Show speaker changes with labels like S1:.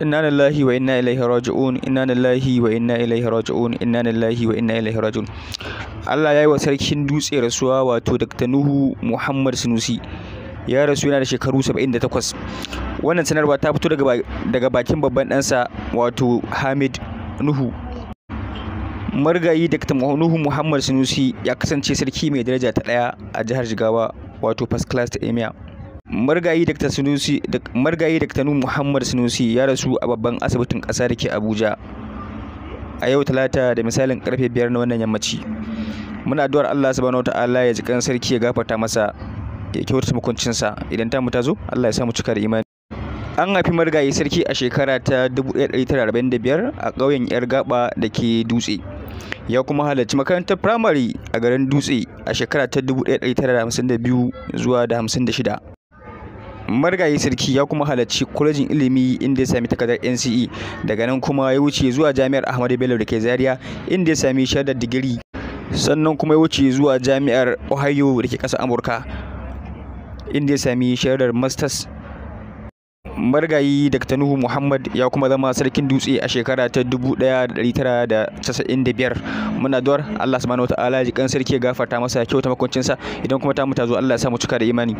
S1: inna lillahi wa inna ilaihi raji'un inna lillahi wa inna ilaihi raji'un inna lillahi wa inna ilaihi raji'un Allah ya yi wa sarkin dutse rasuwa wato Dr. Nuhu Muhammad Sunusi ya rasu yana da shekaru 78 wannan sanarwa ta fito daga daga bakin babban ɗansa wato Hamid Nuhu Margayi Dr. Nuhu Muhammad Sunusi ya kasance sarki mai daraja ta ɗaya a jihar Jigawa wato first class ta Emir Margayi Dr. Sunusi Margayi Dr. Nu Muhammad Sunusi ya rasu a babban asibitin ƙasa da ke Abuja a yau talata da misalin karfe biyar na wannan yammaci muna addu'ar Allah subhanahu wataala ya ji kan sarki ya gafarta masa ya kyautata mukuncinsa idan ta mu ta zo Allah ya sa mu cika da imani an haifi margayi sarki a shekara ta 1945 a ƙauyen yar gaba da ke dutse ya kuma halarci makarantar firamare a garin dutse a shekara ta 1952 zuwa da 56 margayi sarki ya kuma halarci kwalejin ilimi inda ya sami takardar nce daga nan kuma ya wuce zuwa jami'ar ahmadu bello da ke zaria inda ya sami shaidar digiri sannan kuma ya wuce zuwa jami'ar ohio da ke ƙasar amurka inda ya sami shaidar masters margayi dr nuhu muhammad ya kuma zama sarkin dutse a shekara ta 1995 muna duwar allah subhanahu wa ta'ala ji kan sarki ya gafarta masa kyauta makoncinsa idan kuma ta mutu allah ya samu cika da imani